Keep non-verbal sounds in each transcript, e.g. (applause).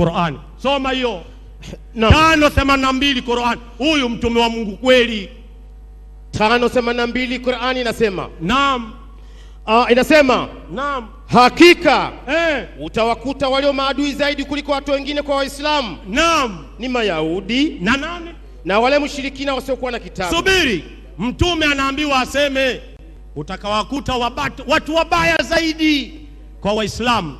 Qur'ani, soma hiyo tano themanini na mbili Qur'ani. Huyu mtume wa Mungu kweli. tano themanini na mbili Qur'ani inasema naam. Uh, inasema naam, hakika eh, utawakuta walio maadui zaidi kuliko watu wengine kwa Waislamu naam, ni Mayahudi na nani na wale mshirikina wasiokuwa na kitabu. Subiri, mtume anaambiwa aseme utakawakuta watu wabaya zaidi kwa Waislamu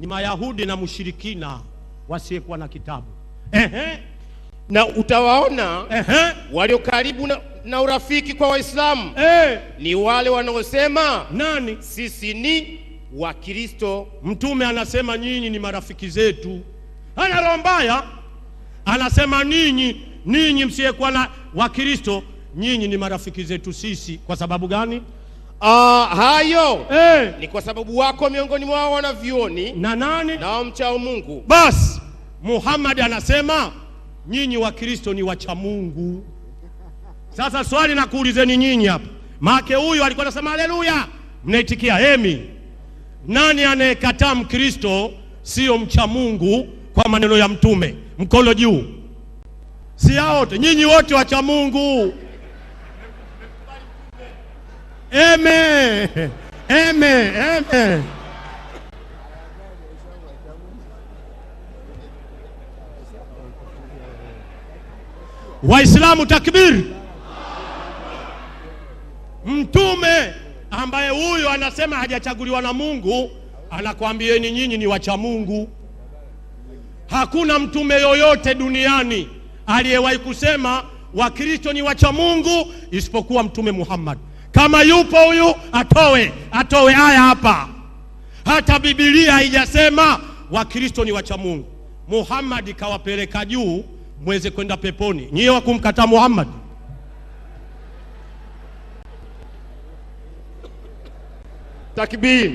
ni Mayahudi na mshirikina wasiyekuwa na kitabu. Ehe. Na utawaona Ehe. walio karibu na, na urafiki kwa Waislamu e, ni wale wanaosema nani, sisi ni Wakristo. Mtume anasema nyinyi ni marafiki zetu, ana roho mbaya. Anasema ninyi ninyi msiyekuwa na Wakristo, nyinyi ni marafiki zetu sisi. Kwa sababu gani? Uh, hayo hey, eh. ni kwa sababu wako miongoni mwao wanavyuoni na nani na wamchao Mungu. Basi Muhammad anasema nyinyi Wakristo ni wacha Mungu. Sasa swali nakuulizeni nyinyi hapa, make huyu alikuwa anasema haleluya, mnaitikia emi. Nani anayekataa Mkristo sio mcha Mungu kwa maneno ya Mtume? Mkono juu, si hao wote? Nyinyi wote wacha Mungu. Amen. Amen. Amen. Waislamu, takbiri! Mtume ambaye huyo anasema hajachaguliwa na Mungu, anakwambieni nyinyi ni wacha Mungu. Hakuna mtume yoyote duniani aliyewahi kusema Wakristo ni wacha Mungu isipokuwa Mtume Muhammad. Kama yupo huyu atoe, atoe haya hapa. Hata Biblia haijasema Wakristo ni wacha Mungu. Muhammad kawapeleka juu mweze kwenda peponi. Nyiye wa kumkataa Muhammad? Takbir!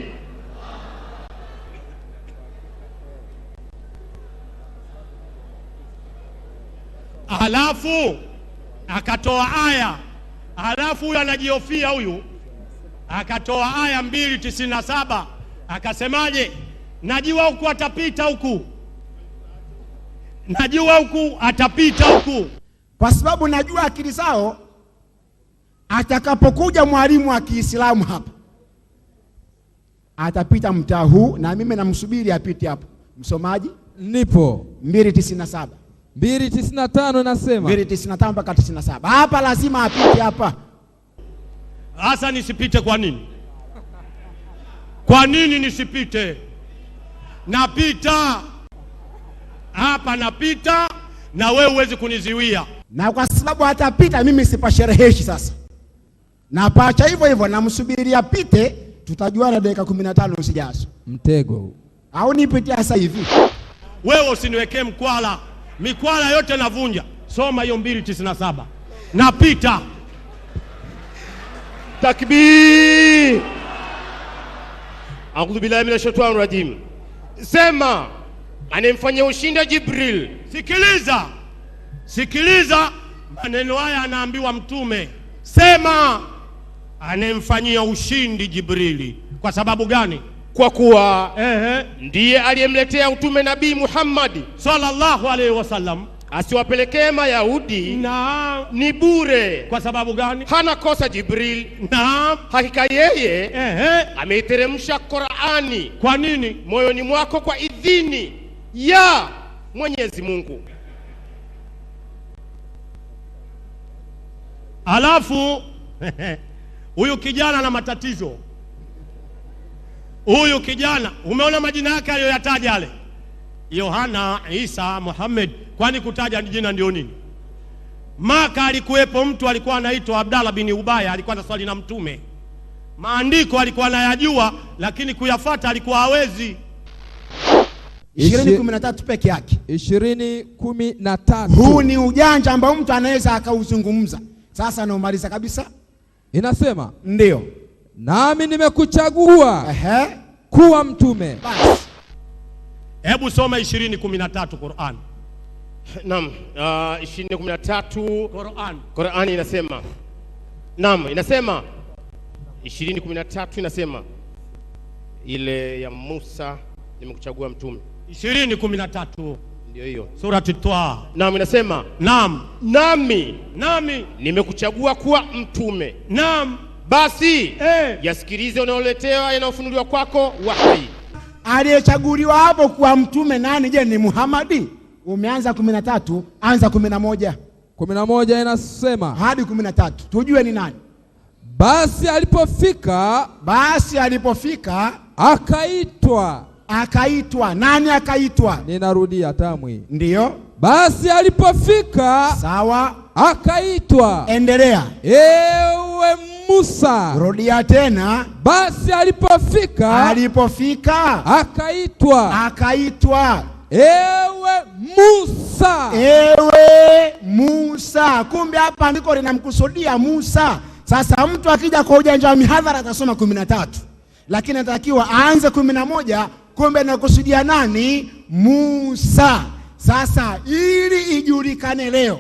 Halafu akatoa aya Halafu huyu anajihofia huyu, akatoa aya mbili tisini na saba akasemaje? Najua huku atapita huku, najua huku atapita huku, kwa sababu najua akili zao. Atakapokuja mwalimu wa Kiislamu hapa, atapita mtaa huu, na mimi namsubiri apite hapo. Msomaji, nipo mbili tisini na saba. 295 nasema 295 mpaka 97. Hapa lazima apite hapa. Hasa nisipite kwa nini? Kwa nini nisipite? Napita hapa, napita na wewe huwezi kuniziwia, na kwa sababu hatapita mimi sipashereheshi. Sasa napacha hivyo hivyo, namsubiri apite, tutajuana dakika 15 usijazo. Mtego au nipitia sasa hivi? Wewe usiniwekee mkwala mikwala yote navunja. Soma hiyo 297 napita. Takbir! Audhu billahi minash shaitani rajim. Sema anemfanya ushinda Jibril. Sikiliza, sikiliza maneno haya, anaambiwa Mtume, sema anemfanyia ushindi Jibrili. Kwa sababu gani? kwa kuwa ehe, ndiye aliyemletea utume Nabii Muhammad sallallahu alaihi wasallam, asiwapelekee Mayahudi na ni bure. Kwa sababu gani? Hana kosa Jibril. Naam, hakika yeye ehe, ameiteremsha Qur'ani. Kwa nini? Moyoni mwako kwa idhini ya Mwenyezi Mungu. Alafu (laughs) huyu kijana na matatizo Huyu kijana umeona majina yake aliyoyataja yale, Yohana, Isa, Muhammad. Kwani kutaja jina ndio nini? Maka alikuwepo mtu alikuwa anaitwa Abdallah bin Ubaya, alikuwa anaswali na Mtume. Maandiko alikuwa anayajua, lakini kuyafata alikuwa hawezi. 20:13 peke yake. 20:13. Huu ni ujanja ambao mtu anaweza akauzungumza. Sasa naumaliza kabisa, inasema ndio nami nimekuchagua kuwa mtume. Hebu soma 20:13 Qur'an. Naam, uh, ah, 20:13 Qur'an. Qur'an inasema Naam, inasema 20:13 inasema ile ya Musa nimekuchagua mtume. 20:13 ndio hiyo. Surati Twa. Naam, inasema Naam. Nami nami nimekuchagua kuwa mtume. Naam. Basi eh, yasikilize unaoletewa yanayofunuliwa kwako wa Aliyechaguliwa hapo kuwa mtume nani? Je, ni Muhamadi? Umeanza kumi na tatu, anza kumi na moja. Kumi na moja inasema hadi kumi na tatu, tujue ni nani. Basi alipofika, basi alipofika akaitwa, akaitwa nani? Akaitwa, ninarudia tamwi, ndiyo. Basi alipofika, sawa, akaitwa, endelea, ewe Musa. Rudia tena. Basi alipofika, alipofika akaitwa, akaitwa Ewe Musa, ewe Musa. Kumbe hapa andiko linamkusudia Musa. Sasa mtu akija kwa ujanja wa mihadhara atasoma kumi na tatu lakini anatakiwa aanze kumi na moja Kumbe nakusudia nani? Musa. Sasa ili ijulikane leo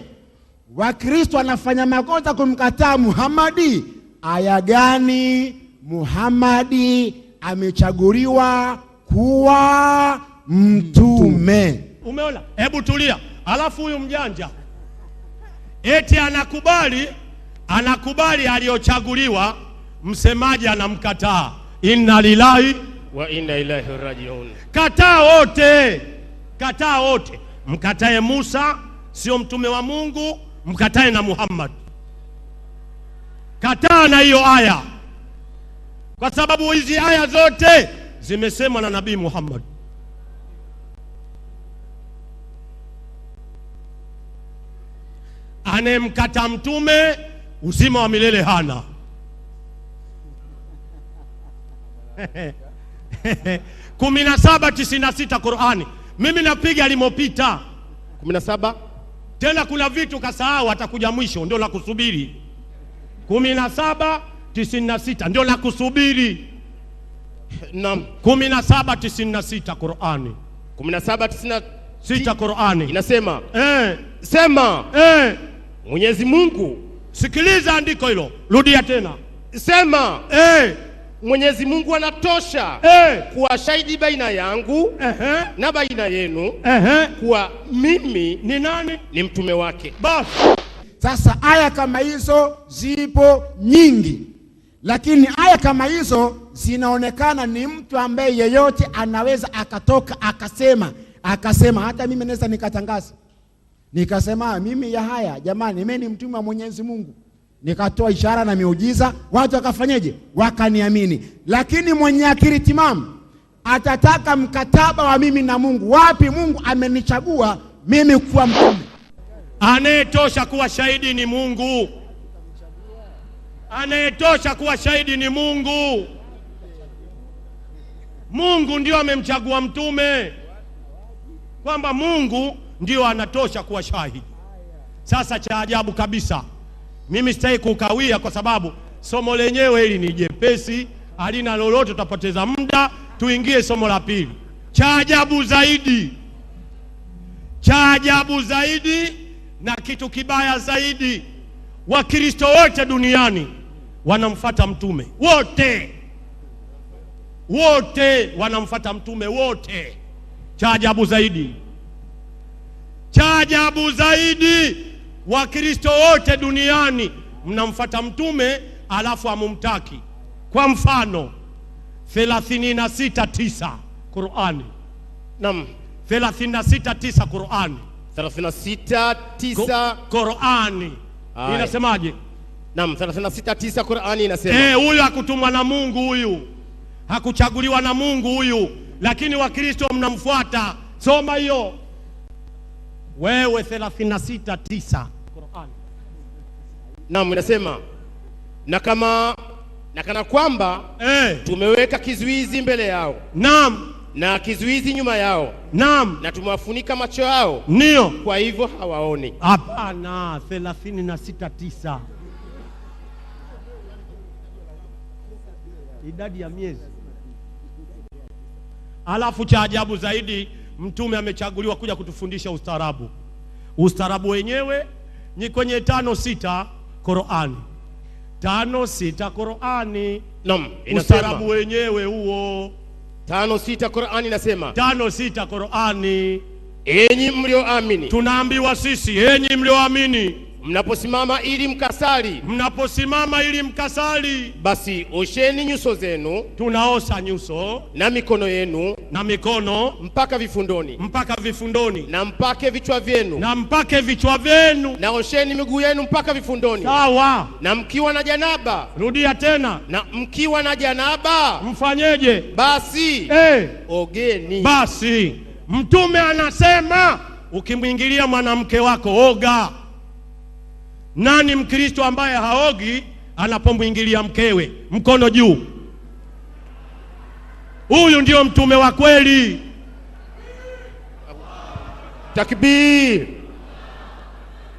Wakristo wanafanya makosa kumkataa Muhamadi aya gani Muhammadi amechaguliwa kuwa mtume? Umeona, hebu tulia. Alafu huyu mjanja eti anakubali, anakubali aliyochaguliwa, msemaji anamkataa. Inna lillahi wa inna ilaihi rajiun. Kataa wote, kataa wote, mkatae Musa sio mtume wa Mungu, mkatae na Muhammad Kataa na hiyo aya, kwa sababu hizi aya zote zimesemwa na Nabii Muhammad. Anayemkata mtume uzima wa milele hana. (laughs) kumi na saba tisini na sita Qurani, mimi napiga limopita kumi na saba. Tena kuna vitu kasahau, atakuja mwisho ndio la kusubiri kumi na saba tisini na sita ndio la kusubiri. Naam, kumi na saba tisini na sita Qurani, kumi na saba tisini na sita Qurani inasema eh, sema eh, Mwenyezi Mungu. Sikiliza andiko hilo, rudia tena, sema eh, Mwenyezi Mungu anatosha eh, kuwa shahidi baina yangu eh, na baina yenu eh, kuwa mimi ni nani? Ni mtume wake basi. Sasa aya kama hizo zipo nyingi, lakini aya kama hizo zinaonekana ni mtu ambaye yeyote anaweza akatoka akasema akasema, hata mimi naweza nikatangaza nikasema ah, mimi ya haya jamani, mimi ni mtume wa Mwenyezi Mungu, nikatoa ishara na miujiza, watu wakafanyeje? Wakaniamini. Lakini mwenye akili timamu atataka mkataba wa mimi na Mungu. Wapi Mungu amenichagua mimi kuwa mtume? Anayetosha kuwa shahidi ni Mungu, anayetosha kuwa shahidi ni Mungu. Mungu ndio amemchagua mtume, kwamba Mungu ndio anatosha kuwa shahidi. Sasa cha ajabu kabisa, mimi sitaki kukawia, kwa sababu somo lenyewe hili ni jepesi, halina lolote, tutapoteza muda. Tuingie somo la pili. Cha ajabu zaidi, cha ajabu zaidi na kitu kibaya zaidi, Wakristo wote duniani wanamfata mtume wote, wote wanamfata mtume wote. Cha ajabu zaidi, cha ajabu zaidi, Wakristo wote duniani mnamfata mtume alafu amumtaki. Kwa mfano 36:9 sita tisa Qurani, naam, thelathini na sita tisa Qurani 36:9 Qur'ani inasemaje? Naam, 36:9 Qur'ani inasema eh, huyu hakutumwa na Mungu, huyu hakuchaguliwa na Mungu huyu, lakini Wakristo mnamfuata. Soma hiyo wewe 36:9 Qur'ani. Naam, inasema na kama na kana kwamba eh, tumeweka kizuizi mbele yao. Naam na kizuizi nyuma yao. Naam, na tumewafunika macho yao, ndio kwa hivyo hawaoni. Hapana, thelathini na sita tisa idadi ya miezi. Alafu cha ajabu zaidi, mtume amechaguliwa kuja kutufundisha ustaarabu. Ustaarabu wenyewe ni kwenye tano sita Qur'ani, tano sita Qur'ani. Naam, ustaarabu wenyewe huo Tano sita Qur'ani nasema. Tano sita Qur'ani, enyi mlioamini, tunaambiwa sisi, enyi mlioamini Mnaposimama ili mkasali, mnaposimama ili mkasali, basi osheni nyuso zenu, tunaosha nyuso na mikono yenu, na mikono mpaka vifundoni, mpaka vifundoni, na mpake vichwa vyenu, na mpake vichwa vyenu, na osheni miguu yenu mpaka vifundoni. Sawa. Na mkiwa na janaba, rudia tena, na mkiwa na janaba mfanyeje? Basi hey, eh. ogeni. Basi Mtume anasema ukimwingilia mwanamke wako oga nani Mkristo ambaye haogi anapomwingilia mkewe? Mkono juu. Huyu ndio mtume wa kweli. Takbir!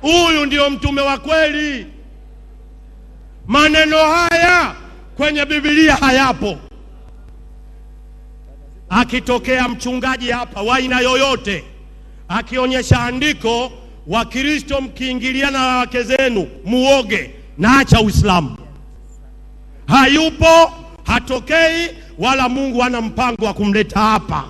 Huyu ndio mtume wa kweli. Maneno haya kwenye Biblia hayapo. Akitokea mchungaji hapa wa aina yoyote akionyesha andiko Wakristo mkiingiliana na wake zenu muoge, naacha Uislamu. Hayupo, hatokei, wala Mungu hana mpango wa kumleta hapa.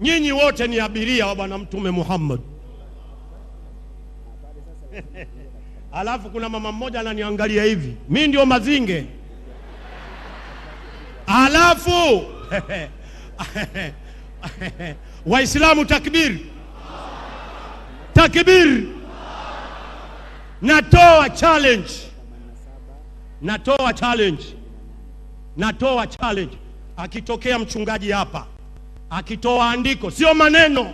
Nyinyi wote ni abiria wa Bwana Mtume Muhammad. (laughs) Alafu kuna mama mmoja ananiangalia hivi, mi ndio mazinge Alafu Waislamu, takbir takbir! Natoa challenge, natoa challenge, natoa challenge. Akitokea mchungaji hapa akitoa andiko, sio maneno,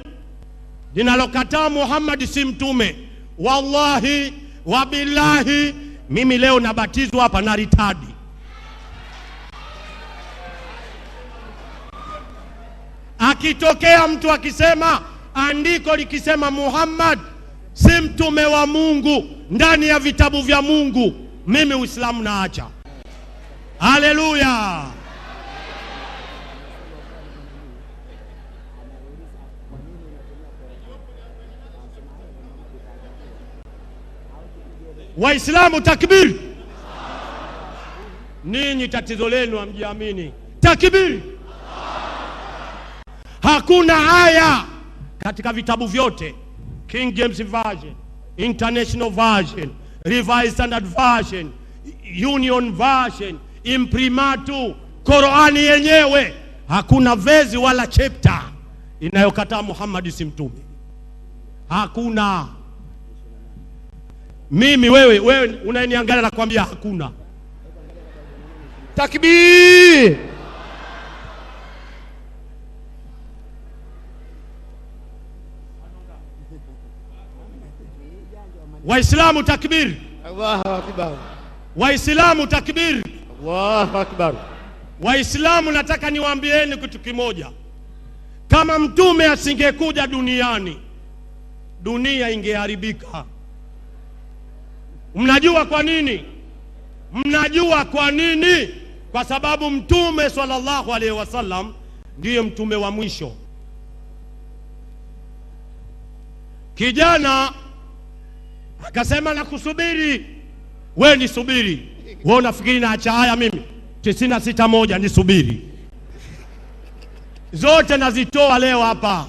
linalokataa Muhammad si mtume, wallahi wabillahi, mimi leo nabatizwa hapa na ritadi Akitokea mtu akisema andiko likisema Muhammad si mtume wa Mungu ndani ya vitabu vya Mungu, mimi Uislamu naacha. Haleluya! Waislamu takbiri! Ninyi tatizo lenu hamjiamini. Takbiri! Hakuna aya katika vitabu vyote, King James Version, International Version, Revised Standard Version, Union Version, Imprimatu, Qurani yenyewe, hakuna vezi wala chapter inayokataa Muhammad si mtume. Hakuna. Mimi wewe, wewe unayeniangalia nakwambia hakuna. Takbir! Waislamu takbir! Allahu akbar! Waislamu takbir! Allahu akbar! Waislamu, nataka niwaambieni kitu kimoja, kama mtume asingekuja duniani dunia ingeharibika. Mnajua kwa nini? Mnajua kwa nini? Kwa sababu mtume sallallahu alaihi wasallam ndiye mtume wa mwisho. Kijana Akasema nakusubiri, we nisubiri. We unafikiri naacha haya mimi? tisini na sita moja nisubiri, zote nazitoa leo hapa.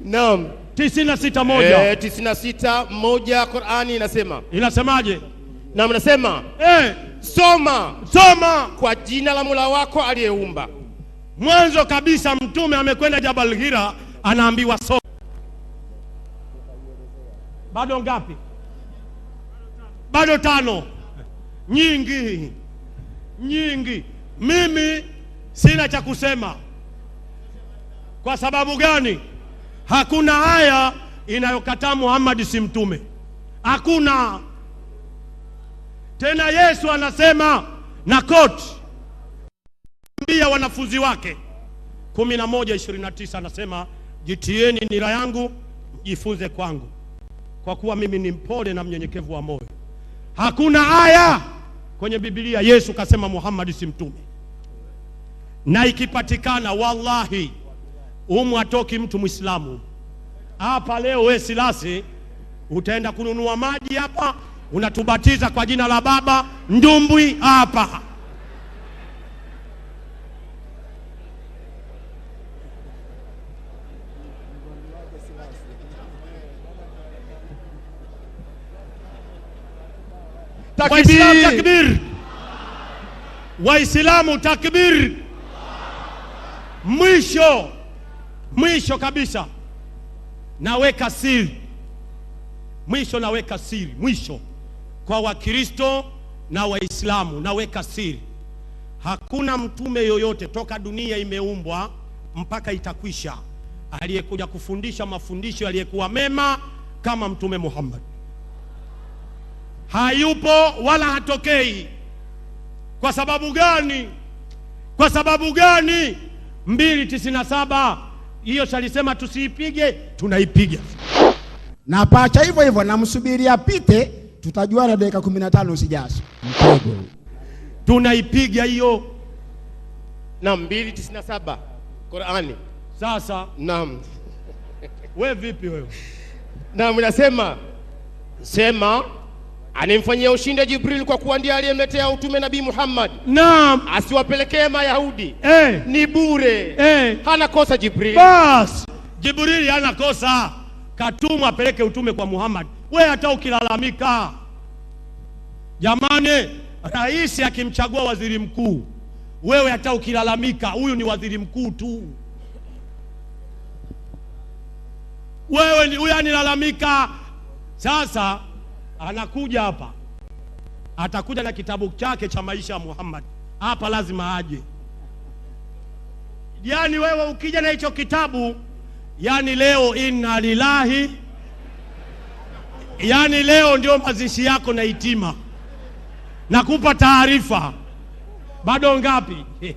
Naam, tisini na sita moja eh, tisini na sita moja Qur'ani inasema, inasemaje? Na mnasema eh, soma soma kwa jina la Mola wako aliyeumba. Mwanzo kabisa Mtume amekwenda Jabal Hira, anaambiwa soma bado ngapi? Bado tano. Nyingi nyingi. Mimi sina cha kusema. Kwa sababu gani? Hakuna aya inayokataa Muhammad si mtume, hakuna. Tena Yesu anasema na koti ambia wanafunzi wake 11:29 anasema jitieni nira yangu mjifunze kwangu kwa kuwa mimi ni mpole na mnyenyekevu wa moyo. Hakuna aya kwenye Biblia Yesu kasema Muhammad si mtume, na ikipatikana wallahi umu atoki mtu Mwislamu hapa leo. We Silasi, utaenda kununua maji hapa, unatubatiza kwa jina la Baba, ndumbwi hapa Waislamu takbir! Waislamu takbir! Mwisho mwisho kabisa, naweka siri mwisho, naweka siri mwisho kwa Wakristo na Waislamu, naweka siri, hakuna mtume yoyote toka dunia imeumbwa mpaka itakwisha aliyekuja kufundisha mafundisho yaliyekuwa mema kama Mtume Muhammad hayupo wala hatokei. Kwa sababu gani? Kwa sababu gani? mbili tisini na saba hiyo shalisema tusiipige, tunaipiga na pacha hivyo hivyo, namsubiri apite, tutajua na dakika kumi na tano mtego, tunaipiga hiyo na mbili tisini na saba Qurani. Sasa naam, we vipi wewe? Naam, nasema sema anemfanyia ushindi Jibril kwa kuwa aliyemletea utume Nabii Muhammad. Naam, asiwapelekee Mayahudi hey. Eh. Ni bure hey. Eh. Hana kosa Jibril, bas Jibril hana kosa, katumwa apeleke utume kwa Muhammad. We hata ukilalamika, jamani, rais akimchagua waziri mkuu, wewe hata ukilalamika, huyu ni waziri mkuu tu wewe, huyu anilalamika sasa anakuja hapa, atakuja na kitabu chake cha maisha ya Muhammad hapa, lazima aje. Yani wewe ukija na hicho kitabu, yani leo inna lillahi, yani leo ndio mazishi yako na hitima. Nakupa taarifa, bado ngapi? (laughs)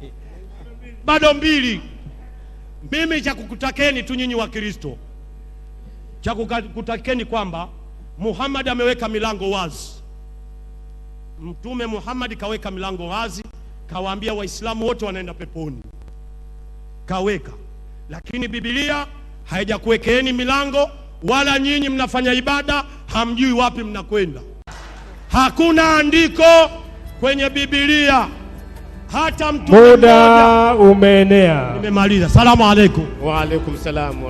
bado mbili. Mimi cha kukutakeni tu nyinyi Kristo, cha kukutakeni kwamba Muhammad ameweka milango wazi, Mtume Muhammad kaweka milango wazi, kawaambia Waislamu wote wanaenda peponi, kaweka. Lakini Biblia haijakuwekeeni milango, wala nyinyi mnafanya ibada hamjui wapi mnakwenda. Hakuna andiko kwenye Biblia hata mtu. Muda umeenea, nimemaliza. Salamu alaykum. Wa alaykum salaam.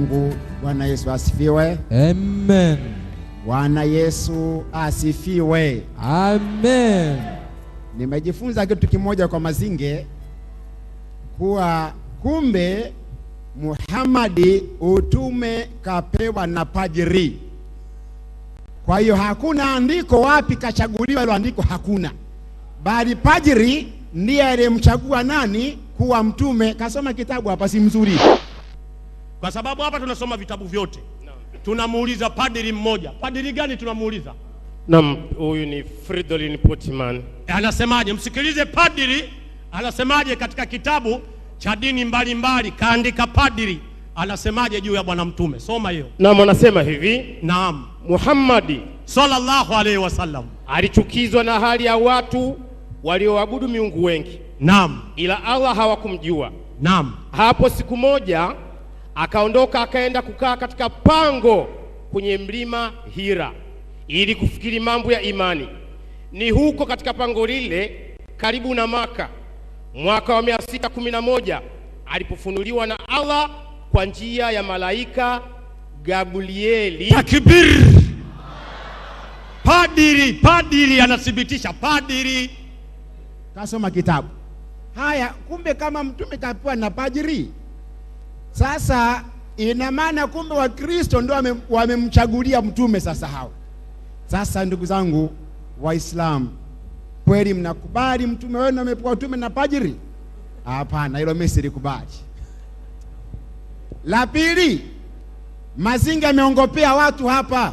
Mungu. Bwana Yesu asifiwe. Amen. Bwana Yesu asifiwe. Amen. Nimejifunza kitu kimoja kwa Mazinge kuwa kumbe Muhamadi utume kapewa na pajiri Kwa hiyo hakuna andiko wapi kachaguliwa ile andiko hakuna, bali padri ndiye aliyemchagua nani kuwa mtume. Kasoma kitabu hapa, si mzuri? Kwa sababu hapa tunasoma vitabu vyote, tunamuuliza padri mmoja. Padri gani tunamuuliza? Naam, huyu ni Fridolin Portman. Eh, anasemaje? Msikilize padri anasemaje katika kitabu cha dini mbalimbali, kaandika padri anasemaje juu ya Bwana Mtume. Soma hiyo. Naam, anasema hivi. Naam, Muhammadi sallallahu alaihi wasallam alichukizwa na hali ya watu walioabudu miungu wengi. Naam, ila Allah hawakumjua. Naam, hapo siku moja Akaondoka akaenda kukaa katika pango kwenye mlima Hira ili kufikiri mambo ya imani. Ni huko katika pango lile karibu na Maka mwaka wa moja alipofunuliwa na Allah kwa njia ya malaika Gabrieli. Takbir! Padiri, padiri anathibitisha, padiri kasoma kitabu. Haya, kumbe kama mtume kapewa na padiri sasa ina maana kumbe Wakristo ndio wamemchagulia wame mtume sasa hao. Sasa ndugu zangu Waislamu, kweli mnakubali mtume wenu amepewa utume na pajiri Hapana, hilo mimi silikubali. La pili, Mazinga ameongopea watu hapa,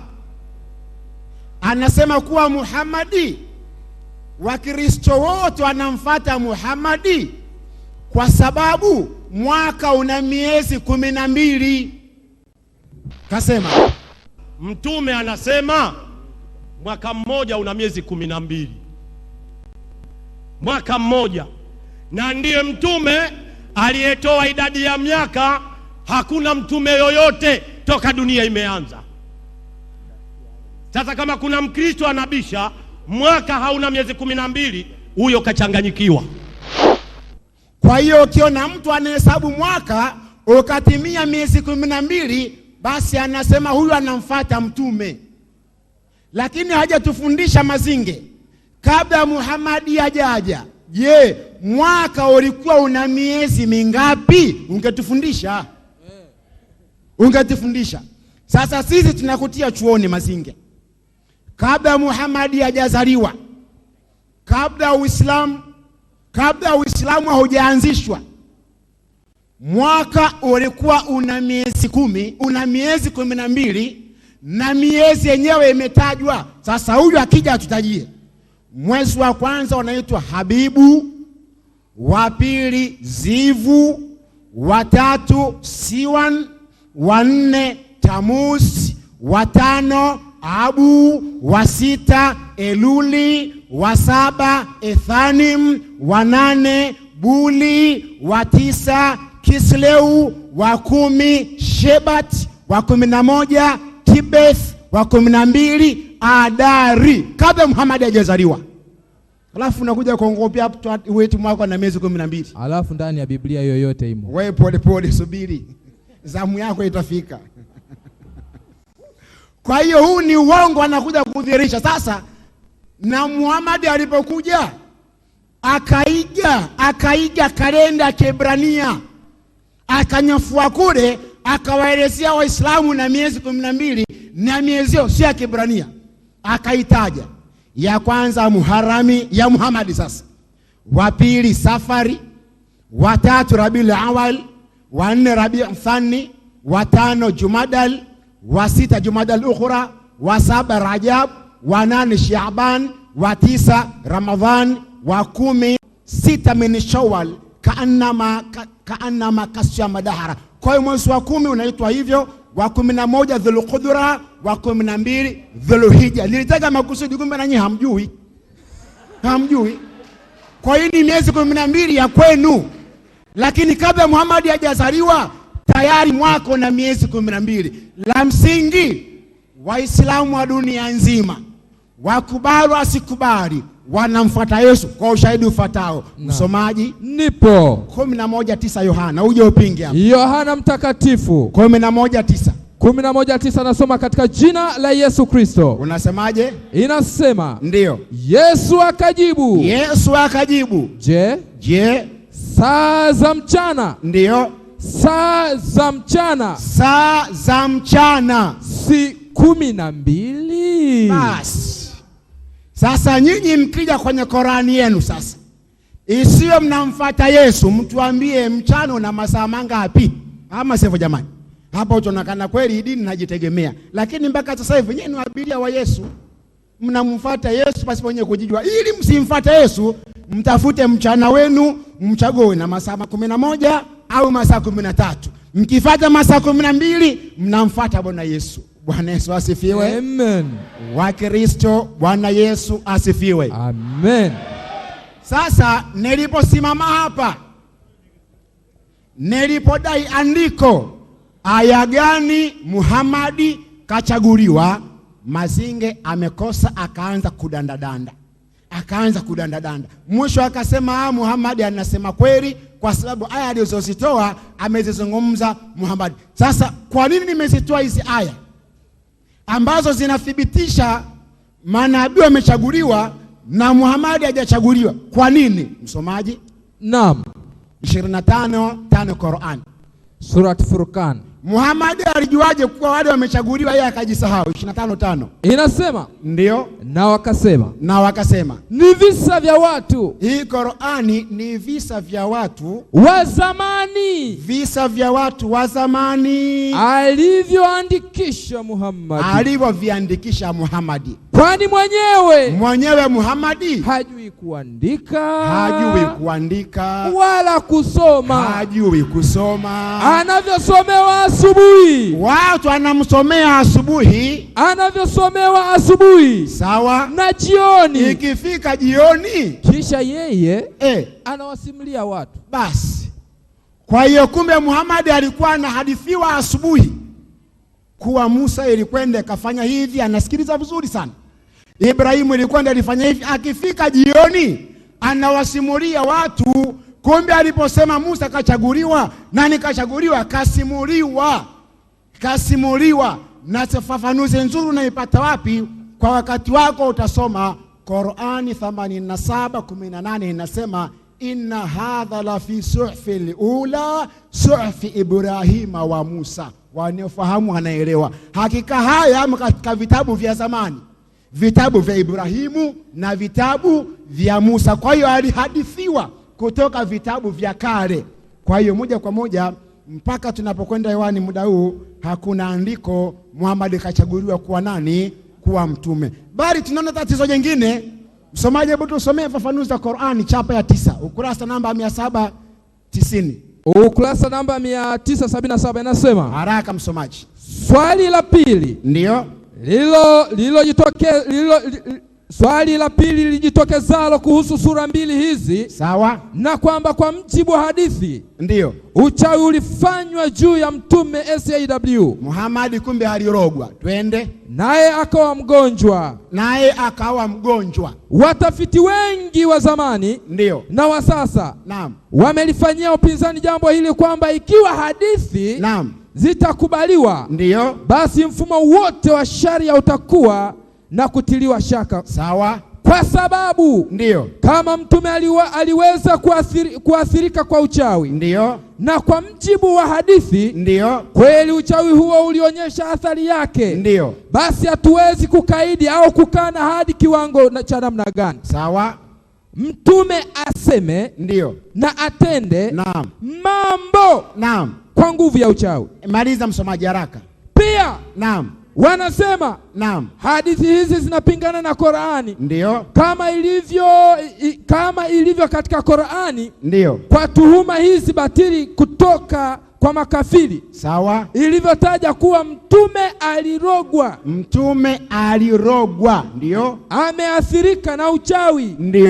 anasema kuwa Muhammadi, Wakristo wote wanamfuata Muhammadi kwa sababu mwaka una miezi kumi na mbili. Kasema mtume anasema mwaka mmoja una miezi kumi na mbili, mwaka mmoja, na ndiye mtume aliyetoa idadi ya miaka. Hakuna mtume yoyote toka dunia imeanza. Sasa kama kuna Mkristo anabisha mwaka hauna miezi kumi na mbili, huyo kachanganyikiwa. Kwa hiyo ukiona mtu anahesabu mwaka ukatimia miezi kumi na mbili, basi anasema huyu anamfata Mtume, lakini hajatufundisha mazinge kabla Muhamadi hajaja. Je, mwaka ulikuwa una miezi mingapi? Ungetufundisha, ungetufundisha. Sasa sisi tunakutia chuoni mazinge kabla Muhamadi hajazaliwa, kabla Uislamu kabla Uislamu haujaanzishwa mwaka ulikuwa una miezi kumi, una miezi kumi na mbili na miezi yenyewe imetajwa. Sasa huyu akija atutajie. Mwezi wa kwanza unaitwa Habibu, wa pili Zivu, wa tatu Siwan, wa nne Tamuz, wa tano Abu, wa sita Eluli, wasaba Ethanim, wanane Buli, watisa Kisleu, wa kumi Shebat, wa kumi na moja Tibeth, wa kumi na mbili Adari, kabla Muhamadi hajazaliwa. Alafu unakuja kuongopea wetu mwaka na miezi kumi na mbili. Alafu ndani ya Biblia yoyote imo. Wewe pole pole, subiri zamu yako itafika. Kwa hiyo huu ni uongo anakuja kudhihirisha sasa na Muhammad alipokuja akaiga akaiga kalenda ya Kiebrania akanyafua kule, akawaelezea Waislamu na miezi kumi na mbili na miezi si ya Kiebrania, akaitaja ya kwanza Muharami ya Muhammad, sasa wa pili Safari, watatu Rabiul Awal, wa nne Rabiul Thani, watano Jumadal, wa sita Jumadal Ukhra, wa saba Rajab wa nane Shaaban, wa tisa Ramadhan, wa kumi sita min Shawwal, kaanama kaanama kasya madahara. Kwa hiyo mwezi wa kumi unaitwa hivyo, wa kumi na moja Dhulqudra, wa kumi na mbili Dhulhijja. Nilitaka makusudi, kumbe nanyi hamjui, hamjui. Kwa hiyo ni miezi kumi na mbili ya kwenu, lakini kabla Muhammad hajazaliwa tayari mwako na miezi kumi na mbili. La msingi Waislamu wa dunia nzima wakubali wasikubali, wanamfuata Yesu kwa ushahidi ufatao. Msomaji nipo 11:9 Yohana, uje upinge hapo. Yohana Mtakatifu 11:9 na kumi na moja tisa nasoma katika jina la Yesu Kristo. Unasemaje? Inasema ndio. Yesu akajibu, Yesu akajibu, je, je, saa za mchana ndio, saa za mchana, saa za mchana si kumi na mbili? Basi sasa nyinyi mkija kwenye Korani yenu sasa isiyo mnamfata Yesu, mtuambie mchano na masaa mangapi, ama sivyo? Jamani, Hapo utaonekana kweli dini najitegemea, lakini mpaka sasa hivi nyinyi ni abiria wa Yesu, mnamfuata Yesu pasipo nyewe kujijua. Ili msimfuate Yesu, mtafute mchana wenu, mchague na masaa kumi na moja au masaa kumi na tatu. Mkifata masaa kumi na mbili, mnamfata Bwana Yesu. Bwana Yesu asifiwe. Amen. Wakristo, Bwana Yesu asifiwe. Amen. Sasa niliposimama hapa nilipodai andiko, aya gani Muhamadi kachaguliwa, Mazinge amekosa, akaanza kudandadanda, akaanza kudandadanda, mwisho akasema ah, Muhamadi anasema kweli, kwa sababu aya alizozitoa amezizungumza Muhamadi. Sasa kwa nini nimezitoa hizi aya? ambazo zinathibitisha manabii wamechaguliwa na Muhammad hajachaguliwa. Kwa nini msomaji? Naam, 25 5 Qur'an, Surat Furqan Muhammad alijuaje kuwa wale wamechaguliwa yeye akajisahau? 25:5. Inasema ndio, na wakasema na wakasema ni visa vya watu. Hii Qur'ani ni visa vya watu wa zamani, visa vya watu wa zamani alivyoandikisha Muhammad, alivyoviandikisha Muhammad kwani mwenyewe mwenyewe Muhamadi hajui kuandika, hajui kuandika wala kusoma, hajui kusoma. Anavyosomewa asubuhi, watu anamsomea asubuhi, anavyosomewa asubuhi, sawa na jioni. Ikifika jioni, kisha yeye e, anawasimulia watu basi. Kwa hiyo kumbe Muhamadi alikuwa anahadithiwa asubuhi kuwa Musa ilikwenda ikafanya hivi, anasikiliza vizuri sana Ibrahimu ilikuwa ndiye alifanya hivi, akifika jioni anawasimulia watu. Kumbe aliposema Musa kachaguliwa, nani kachaguliwa? Kasimuliwa, kasimuliwa. Na fafanuzi nzuri unaipata wapi? Kwa wakati wako utasoma Qurani 87:18 inasema inna hadha la fi suhfi lula suhfi Ibrahima wa Musa. Wanaofahamu wanaelewa, hakika haya katika vitabu vya zamani vitabu vya Ibrahimu na vitabu vya Musa. Kwa hiyo alihadithiwa kutoka vitabu vya kale. Kwa hiyo moja kwa moja mpaka tunapokwenda hewani muda huu, hakuna andiko Muhammad kachaguliwa kuwa nani, kuwa mtume, bali tunaona tatizo jingine. Msomaji, hebu tusomee fafanuzi za Qur'ani chapa ya tisa ukurasa namba mia saba ukurasa namba 977 inasema haraka, msomaji. Swali la pili ndio lilo jitoke lilo, swali la pili lijitokezalo kuhusu sura mbili hizi sawa, na kwamba kwa mjibu wa hadithi ndiyo uchawi ulifanywa juu ya mtume SAW Muhamadi, kumbe alirogwa. Twende naye akawa mgonjwa, naye akawa mgonjwa. Watafiti wengi wa zamani ndiyo na wa sasa naam, wamelifanyia upinzani jambo hili kwamba ikiwa hadithi naam zitakubaliwa, ndio basi mfumo wote wa sharia utakuwa na kutiliwa shaka. Sawa, kwa sababu ndio kama mtume aliwa, aliweza kuathiri, kuathirika kwa uchawi ndio na kwa mjibu wa hadithi ndio kweli uchawi huo ulionyesha athari yake ndio, basi hatuwezi kukaidi au kukana hadi kiwango cha namna gani. Sawa mtume aseme ndio na atende naam, mambo naam, kwa nguvu ya uchawi. Maliza msomaji haraka. Pia naam, wanasema naam, hadithi hizi zinapingana na Qur'ani, ndio kama ilivyo, kama ilivyo katika Qur'ani, ndio kwa tuhuma hizi batili kutoka kwa makafiri sawa, ilivyotaja kuwa mtume alirogwa, mtume alirogwa, ndio ameathirika na uchawi, ndio.